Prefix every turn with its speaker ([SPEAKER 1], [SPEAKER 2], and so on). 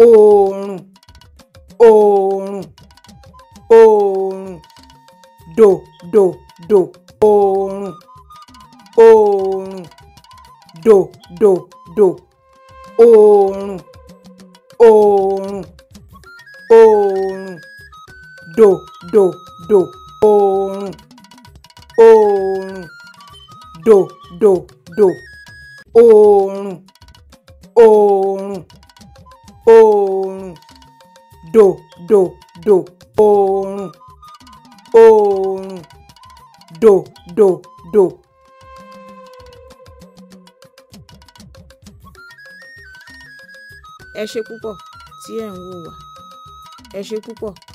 [SPEAKER 1] òòrùn òòrùn òòrùn dò dò dò òòrùn òòrùn dò dò dò òòrùn òòrùn òòrùn dò dò dò òòrùn òòrùn dò dò dò òòrùn òòrùn. oòrùn do do. Do oòrùn oòrùn dò dò dò.
[SPEAKER 2] ẹ ṣé púpọ̀ tí ẹ̀ ń wò wá ẹ ṣé púpọ̀